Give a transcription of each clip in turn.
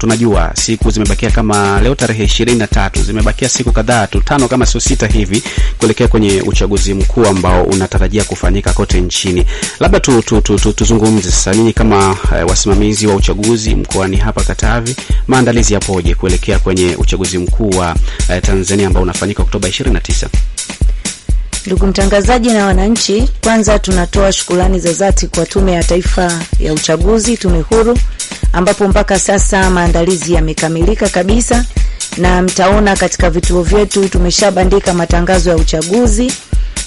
tunajua siku zimebakia, kama leo tarehe ishirini na tatu, zimebakia siku kadhaa tu, tano kama sio sita hivi, kuelekea kwenye uchaguzi mkuu ambao unatarajia kufanyika kote nchini. Labda tu, tu, tu, tu, tuzungumze sasa, nyinyi kama eh, wasimamizi wa uchaguzi mkoani hapa Katavi, maandalizi yapoje kuelekea kwenye uchaguzi mkuu wa eh, Tanzania ambao unafanyika Oktoba 29? Ndugu mtangazaji na wananchi, kwanza tunatoa shukrani za zati kwa Tume ya Taifa ya Uchaguzi, tume huru ambapo mpaka sasa maandalizi yamekamilika kabisa, na mtaona katika vituo vyetu tumeshabandika matangazo ya uchaguzi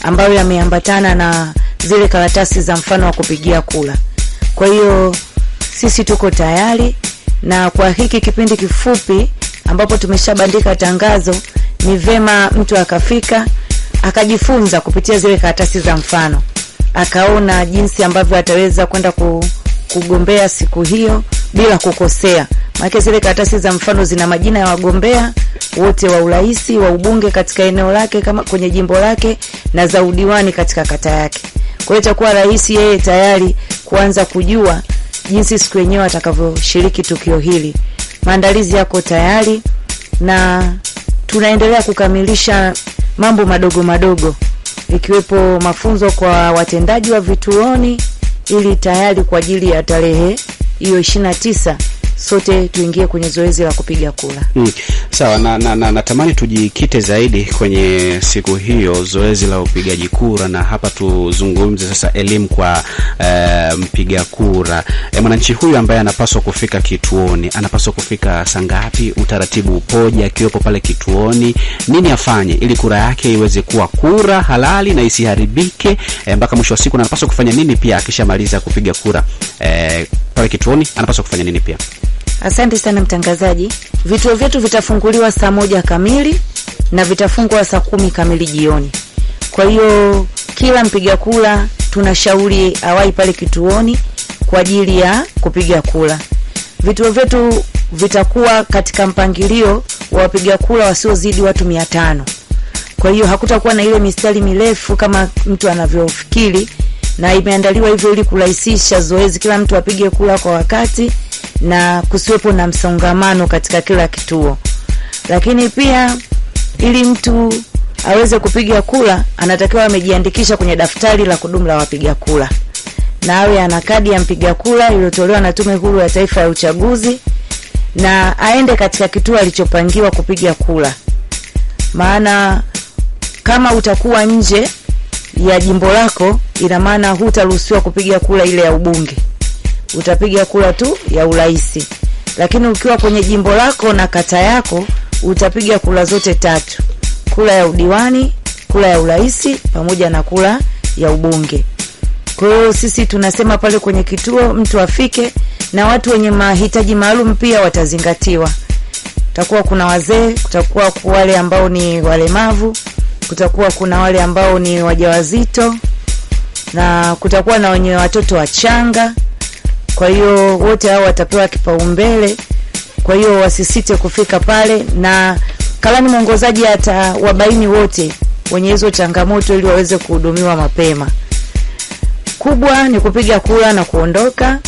ambayo yameambatana na zile karatasi za mfano wa kupigia kula. Kwa hiyo sisi tuko tayari, na kwa hiki kipindi kifupi ambapo tumeshabandika tangazo, ni vema mtu akafika akajifunza kupitia zile karatasi za mfano, akaona jinsi ambavyo ataweza kwenda kugombea siku hiyo bila kukosea, maana zile karatasi za mfano zina majina ya wagombea wote wa urais, wa ubunge katika eneo lake kama kwenye jimbo lake na za udiwani katika kata yake. Kwa hiyo itakuwa rahisi yeye tayari kuanza kujua jinsi siku yenyewe atakavyoshiriki tukio hili. Maandalizi yako tayari na tunaendelea kukamilisha mambo madogo madogo ikiwepo mafunzo kwa watendaji wa vituoni ili tayari kwa ajili ya tarehe hiyo ishirini na tisa sote tuingie kwenye zoezi la kupiga kura mm. Sawa na, na, na, natamani tujikite zaidi kwenye siku hiyo zoezi la upigaji kura, na hapa tuzungumze sasa elimu kwa uh, mpiga kura e, mwananchi huyu ambaye anapaswa kufika kituoni anapaswa kufika saa ngapi? Utaratibu upoje? Akiwepo pale kituoni, nini afanye ili kura yake iweze kuwa kura halali na isiharibike eh, mpaka mwisho wa siku, na anapaswa kufanya nini pia akishamaliza kupiga kura e, pale kituoni anapaswa kufanya nini pia? Asante sana mtangazaji. Vituo vyetu vitafunguliwa saa moja kamili na vitafungwa saa kumi kamili jioni. Kwa hiyo kila mpiga kula tunashauri awai pale kituoni kwa ajili ya kupiga kula. Vituo vyetu vitakuwa katika mpangilio wa wapiga kula wasiozidi watu mia tano. Kwa hiyo hakutakuwa na ile mistari mirefu kama mtu anavyofikiri na imeandaliwa hivyo ili kurahisisha zoezi, kila mtu apige kura kwa wakati na kusiwepo na msongamano katika kila kituo. Lakini pia ili mtu aweze kupiga kura, anatakiwa amejiandikisha kwenye daftari la kudumu la wapiga kura na awe ana kadi ya mpiga kura iliyotolewa na Tume Huru ya Taifa ya Uchaguzi na aende katika kituo alichopangiwa kupiga kura, maana kama utakuwa nje ya jimbo lako, ina maana hutaruhusiwa kupiga kura ile ya ubunge, utapiga kura tu ya urais. Lakini ukiwa kwenye jimbo lako na kata yako, utapiga kura zote tatu, kura ya udiwani, kura ya urais pamoja na kura ya ubunge. Kwa hiyo sisi tunasema pale kwenye kituo mtu afike, na watu wenye mahitaji maalum pia watazingatiwa. Kutakuwa kuna wazee, kutakuwa wale ambao ni walemavu, kutakuwa kuna wale ambao ni wajawazito na kutakuwa na wenye watoto wachanga. Kwa hiyo wote hao watapewa kipaumbele, kwa hiyo wasisite kufika pale, na kalani mwongozaji atawabaini wote wenye hizo changamoto ili waweze kuhudumiwa mapema. Kubwa ni kupiga kura na kuondoka,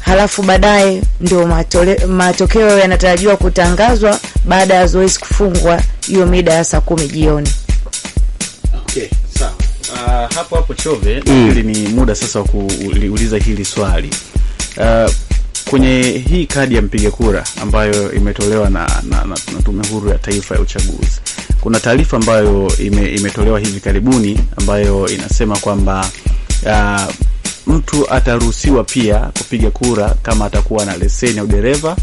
halafu baadaye ndio matokeo yanatarajiwa kutangazwa baada ya zoezi kufungwa hiyo mida ya saa kumi jioni. Okay, sawa. Uh, hapo hapo Chove, mm. nafikiri mm. ni muda sasa wa kuuliza hili swali uh, kwenye hii kadi ya mpiga kura ambayo imetolewa na, na, na, na Tume Huru ya Taifa ya Uchaguzi, kuna taarifa ambayo ime, imetolewa hivi karibuni ambayo inasema kwamba uh, mtu ataruhusiwa pia kupiga kura kama atakuwa na leseni ya udereva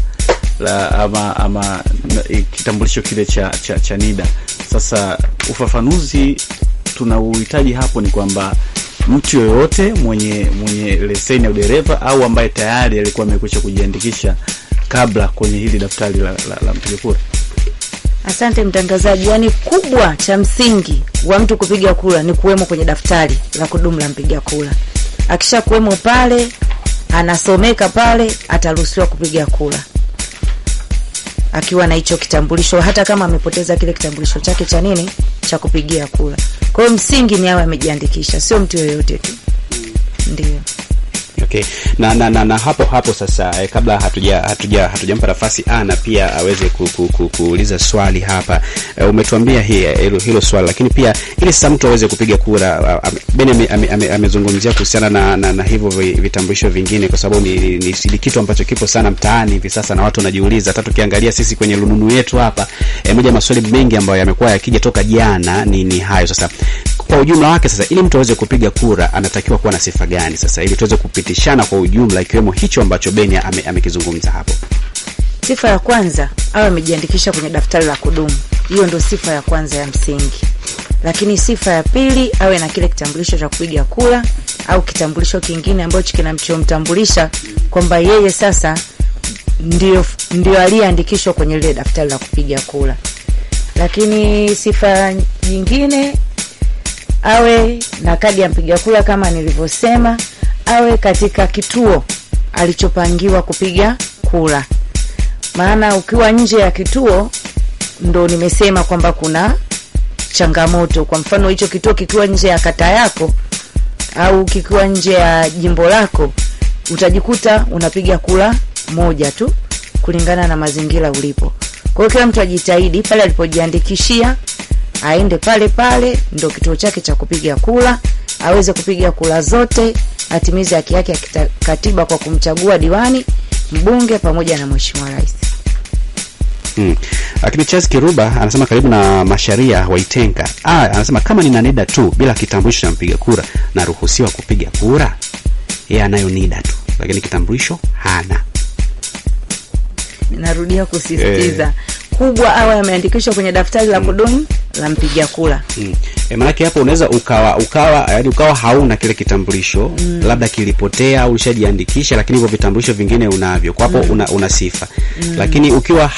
ama, ama kitambulisho kile cha, cha, cha NIDA. Sasa ufafanuzi tunauhitaji hapo ni kwamba mtu yoyote mwenye mwenye leseni ya udereva au ambaye tayari alikuwa amekwisha kujiandikisha kabla kwenye hili daftari la, la, la mpiga kura. Asante mtangazaji. Yaani, kubwa cha msingi wa mtu kupiga kura ni kuwemo kwenye daftari la kudumu la mpiga kura. Akisha kuwemo pale, anasomeka pale, ataruhusiwa kupiga kura akiwa na hicho kitambulisho, hata kama amepoteza kile kitambulisho chake cha nini cha kupigia kura. Kwa hiyo msingi ni awe amejiandikisha, sio mtu yoyote tu. Ndio yake na, na, na, na hapo hapo sasa eh, kabla hatuja hatuja hatujampa nafasi Ana pia aweze ku, ku, ku, kuuliza swali hapa eh, umetuambia hii eh, hilo, hilo swali lakini pia ili sasa mtu aweze kupiga kura Beni amezungumzia ame, kuhusiana na, na, na hivyo vitambulisho vingine kwa sababu ni, ni, ni, ni kitu ambacho kipo sana mtaani hivi sasa na watu wanajiuliza hata tukiangalia sisi kwenye rununu yetu hapa eh, moja maswali mengi ambayo yamekuwa yakija toka jana ni, ni hayo sasa kwa ujumla wake. Sasa ili mtu aweze kupiga kura anatakiwa kuwa na sifa gani? Sasa ili tuweze kupitishana kwa ujumla, ikiwemo hicho ambacho Beni amekizungumza ame hapo. Sifa ya kwanza awe amejiandikisha kwenye daftari la kudumu, hiyo ndio sifa ya kwanza ya msingi. Lakini sifa ya pili awe na kile kitambulisho cha kupiga kura au kitambulisho kingine ambacho kinamchomtambulisha kwamba yeye sasa ndio, ndio aliyeandikishwa kwenye lile daftari la kupiga kura. Lakini sifa nyingine awe na kadi ya mpiga kura kama nilivyosema, awe katika kituo alichopangiwa kupiga kura, maana ukiwa nje ya kituo ndo nimesema kwamba kuna changamoto. Kwa mfano, hicho kituo kikiwa nje ya kata yako au kikiwa nje ya jimbo lako, utajikuta unapiga kura moja tu kulingana na mazingira ulipo. Kwa hiyo kila mtu ajitahidi pale alipojiandikishia aende pale pale, ndo kituo chake cha kupiga kula, aweze kupiga kula zote, atimize haki yake ya katiba kwa kumchagua diwani, mbunge pamoja na mheshimiwa rais. Hmm. Lakini Charles Kiruba anasema karibu na masharia Waitenga. Ah, anasema kama nina NIDA tu bila kitambulisho cha mpiga kura naruhusiwa kupiga kura. Yeye anayo NIDA tu, lakini kitambulisho hana. Ninarudia kusisitiza, eh, kubwa awe ameandikishwa kwenye daftari la hmm. kudumu hmm la mpiga kula mm. E, maanake hapo unaweza ukawa ukawa yaani ukawa hauna kile kitambulisho mm. labda kilipotea au ushajiandikisha, lakini hivyo vitambulisho vingine unavyo kwa hapo mm. una, una sifa mm. lakini ukiwa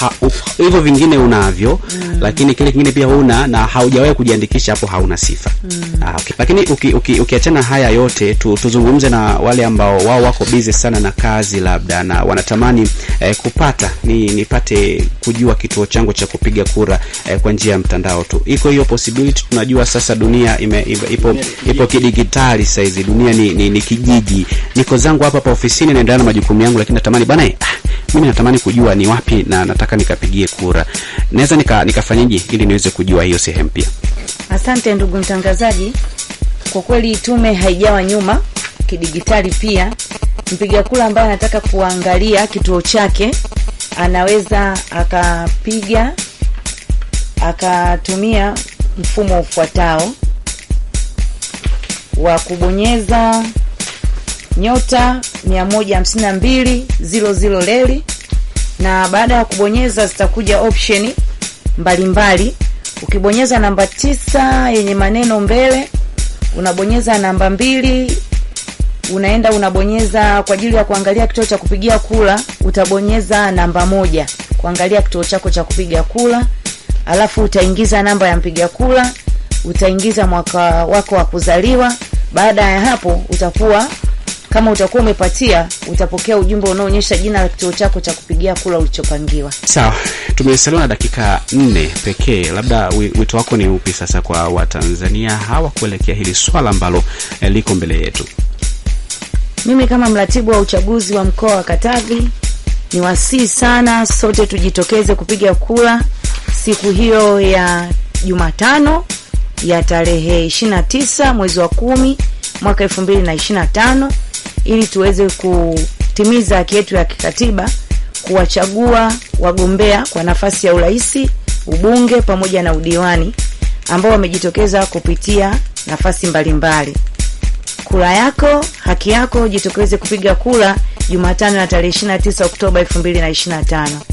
hivyo vingine unavyo mm. lakini kile kingine pia huna na haujawahi kujiandikisha, hapo hauna sifa mm. ah, okay. Lakini ukiachana uki, uki haya yote tu, tuzungumze na wale ambao wao wako busy sana na kazi labda na wanatamani eh, kupata ni nipate kujua kituo changu cha kupiga kura eh, kwa njia ya mtandao tu, iko hiyo possibility tunajua sasa sasa dunia ime, ipo, ipo, ipo kidigitali sasa hizi dunia ni, ni, ni kijiji. Niko zangu hapa hapa ofisini naendelea na majukumu yangu, lakini natamani bana, eh, mimi natamani kujua ni wapi na nataka nikapigie kura, naweza nika, nikafanyaje ili niweze kujua hiyo sehemu pia. Asante ndugu mtangazaji, kwa kweli tume haijawa nyuma kidigitali pia. Mpiga kura ambaye anataka kuangalia kituo chake anaweza akapiga akatumia mfumo ufuatao wa kubonyeza nyota 152 leli, na baada ya kubonyeza zitakuja option mbalimbali. Ukibonyeza namba tisa yenye maneno mbele, unabonyeza namba mbili, unaenda unabonyeza kwa ajili ya kuangalia kituo cha kupigia kula utabonyeza namba moja kuangalia kituo chako cha kupiga kula alafu utaingiza namba ya mpiga kura, utaingiza mwaka wako wa kuzaliwa. Baada ya hapo utakuwa kama utakuwa umepatia, utapokea ujumbe unaoonyesha jina la kituo chako cha kupigia kura ulichopangiwa. Sawa, tumesaliwa na dakika nne pekee. Labda wito wako ni upi sasa kwa Watanzania hawa kuelekea hili swala ambalo eh, liko mbele yetu? Mimi kama mratibu wa uchaguzi wa mkoa wa Katavi, ni wasii sana, sote tujitokeze kupiga kura siku hiyo ya Jumatano ya tarehe 29 mwezi wa kumi mwaka 2025 ili tuweze kutimiza haki yetu ya kikatiba kuwachagua wagombea kwa nafasi ya uraisi, ubunge pamoja na udiwani ambao wamejitokeza kupitia nafasi mbalimbali. Kura yako haki yako, jitokeze kupiga kura Jumatano ya tarehe 29 Oktoba 2025.